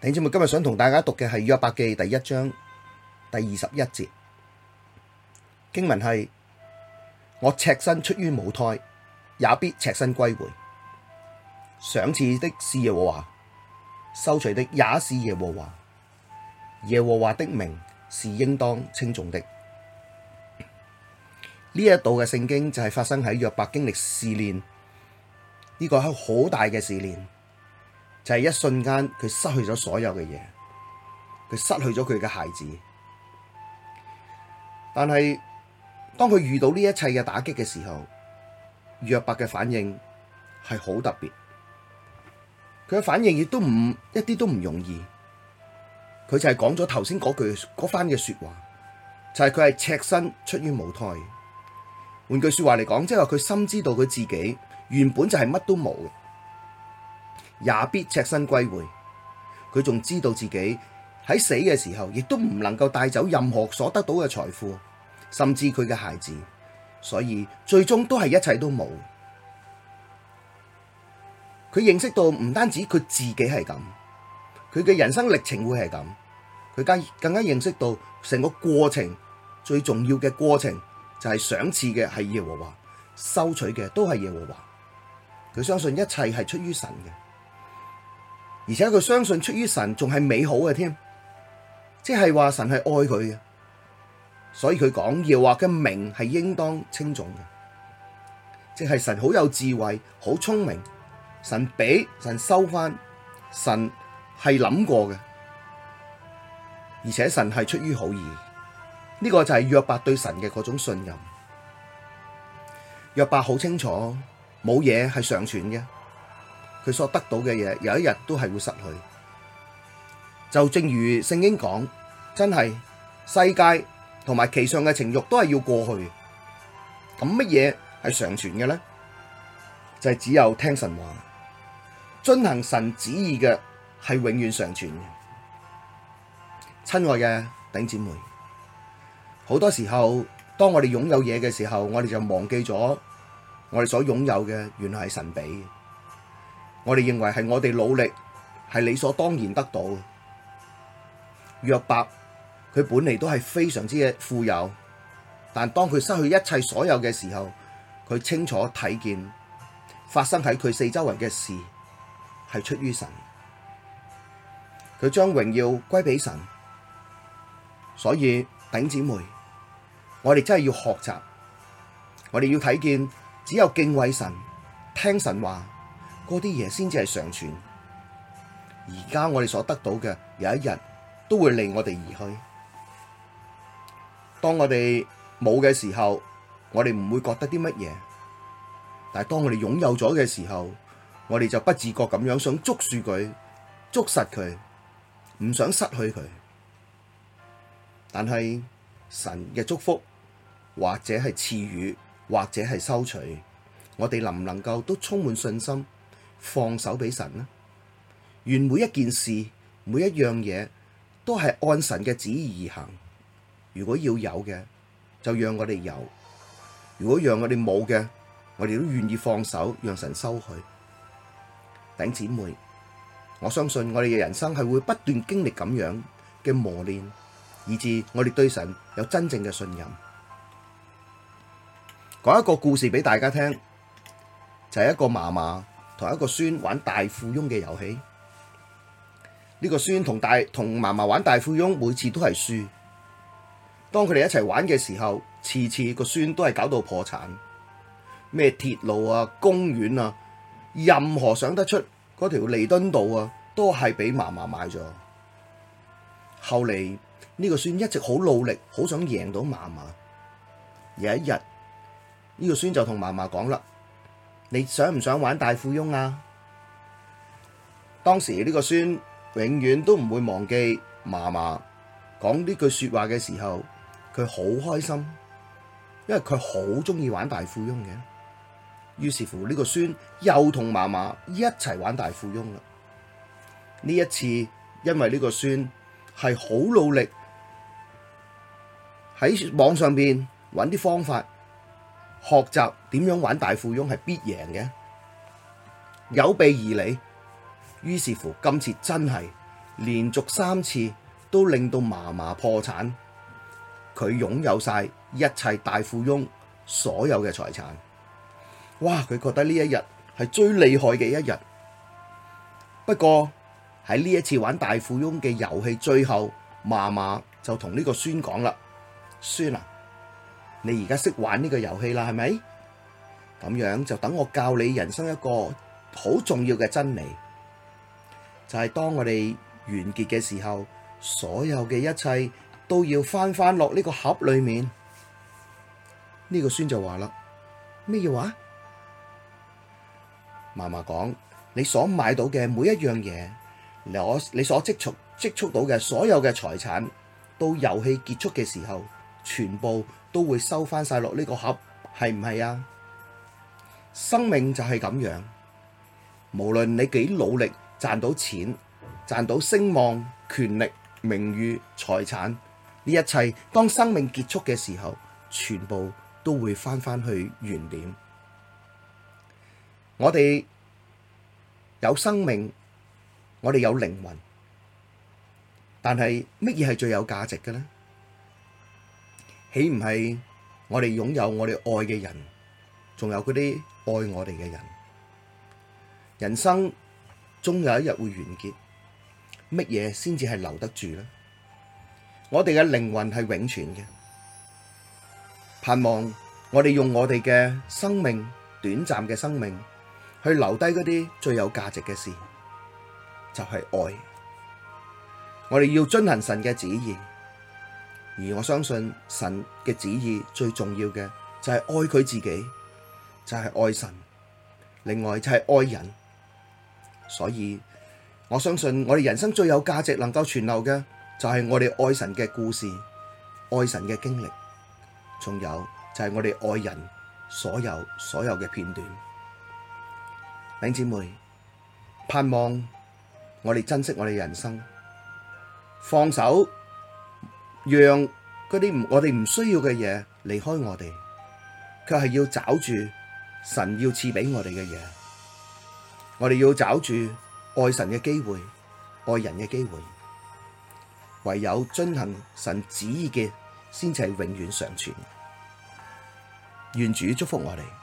弟兄姊妹，今日想同大家讀嘅係《約伯記》第一章第二十一節經文係：我赤身出於母胎，也必赤身歸回；賞賜的，是耶和華；收取的，也是耶和華。耶和華的名是應當稱頌的。呢一度嘅聖經就係發生喺約伯經歷試煉，呢、呢個係好大嘅試煉。就係一瞬間，佢失去咗所有嘅嘢，佢失去咗佢嘅孩子。但係當佢遇到呢一切嘅打擊嘅時候，約伯嘅反應係好特別。佢嘅反應亦都唔，一啲都唔容易。佢就係講咗頭先嗰句嗰番嘅説話，就係佢係赤身出於母胎。換句説話嚟講，即係話佢深知道佢自己原本就係乜都冇嘅。也必赤身歸回，佢仲知道自己喺死嘅時候，亦都唔能夠帶走任何所得到嘅財富，甚至佢嘅孩子，所以最終都係一切都冇。佢認識到唔單止佢自己係咁，佢嘅人生歷程會係咁，佢更更加認識到成個過程最重要嘅過程就係賞賜嘅係耶和華，收取嘅都係耶和華。佢相信一切係出於神嘅。而且佢相信出於神仲係美好嘅添，即係話神係愛佢嘅，所以佢講耶和華嘅名係應當稱頌嘅，即係神好有智慧、好聰明，神俾、神收翻，神係諗過嘅，而且神係出於好意，呢、呢個就係約伯對神嘅嗰種信任。約伯好清楚，冇嘢係常存嘅。佢所得到嘅嘢，有一日都係會失去。就正如聖經講，真係世界同埋其上嘅情欲都係要過去。咁乜嘢係常存嘅咧？就係只有聽神話，遵行神旨意嘅係永遠常存嘅。親愛嘅頂姊妹，好多時候，當我哋擁有嘢嘅時候，我哋就忘記咗我哋所擁有嘅，原來係神俾。我哋認為係我哋努力係理所當然得到。約伯佢本嚟都係非常之富有，但當佢失去一切所有嘅時候，佢清楚睇見發生喺佢四周圍嘅事係出於神，佢將榮耀歸俾神。所以頂姊妹，我哋真係要學習，我哋要睇見只有敬畏神、聽神話。嗰啲嘢先至係常存，而家我哋所得到嘅，有一日都會離我哋而去。當我哋冇嘅時候，我哋唔會覺得啲乜嘢，但係當我哋擁有咗嘅時候，我哋就不自覺咁樣想捉住佢，捉實佢，唔想失去佢。但係神嘅祝福，或者係賜予，或者係收取，我哋能唔能夠都充滿信心？放手俾神啦，願每一件事、每一樣嘢都係按神嘅旨意而行。如果要有嘅，就讓我哋有；如果讓我哋冇嘅，我哋都願意放手，讓神收去。弟兄姊妹，我相信我哋嘅人生係會不斷經歷咁樣嘅磨練，以致我哋對神有真正嘅信任。講一個故事俾大家聽，就係一個嫲嫲。同一個孫玩大富翁嘅遊戲，呢、這個孫同大同嫲嫲玩大富翁每，每次都係輸。當佢哋一齊玩嘅時候，次次個孫都係搞到破產。咩鐵路啊、公園啊，任何想得出嗰條彌敦道啊，都係俾嫲嫲買咗。後嚟呢、這個孫一直好努力，好想贏到嫲嫲。有一日，呢、這個孫就同嫲嫲講啦。你想唔想玩大富翁啊？當時呢個孫永遠都唔會忘記嫲嫲講呢句說話嘅時候，佢好開心，因為佢好中意玩大富翁嘅。於是乎，呢個孫又同嫲嫲一齊玩大富翁啦。呢一次，因為呢個孫係好努力喺網上邊揾啲方法。學習點樣玩大富翁係必贏嘅，有備而嚟。於是乎，今次真係連續三次都令到嫲嫲破產，佢擁有晒一切大富翁所有嘅財產。哇！佢覺得呢一日係最厲害嘅一日。不過喺呢一次玩大富翁嘅遊戲最後，嫲嫲就同呢個孫講啦，孫啊！你而家識玩呢個遊戲啦，係咪？咁樣就等我教你人生一個好重要嘅真理，就係、是、當我哋完結嘅時候，所有嘅一切都要返返落呢個盒裏面。呢、這個孫就話啦：咩嘢話？嫲嫲講，你所買到嘅每一樣嘢，我你所積蓄積蓄到嘅所有嘅財產，到遊戲結束嘅時候。全部都會收翻晒落呢個盒，係唔係啊？生命就係咁樣，無論你幾努力賺到錢、賺到聲望、權力、名譽、財產呢一切，當生命結束嘅時候，全部都會翻返去原點。我哋有生命，我哋有靈魂，但係乜嘢係最有價值嘅呢？豈唔係我哋擁有我哋愛嘅人，仲有嗰啲愛我哋嘅人？人生終有一日會完結，乜嘢先至係留得住咧？我哋嘅靈魂係永存嘅，盼望我哋用我哋嘅生命，短暫嘅生命，去留低嗰啲最有價值嘅事，就係愛。我哋要遵行神嘅旨意。而我相信神嘅旨意最重要嘅就係愛佢自己，就係愛神，另外就係愛人。所以我相信我哋人生最有價值能夠存留嘅就係我哋愛神嘅故事，愛神嘅經歷，仲有就係我哋愛人所有所有嘅片段。弟兄姊妹，盼望我哋珍惜我哋人生，放手。讓嗰啲我哋唔需要嘅嘢離開我哋，卻係要找住神要賜畀我哋嘅嘢，我哋要找住愛神嘅機會，愛人嘅機會，唯有遵行神旨意嘅，先至係永遠常存。願主祝福我哋。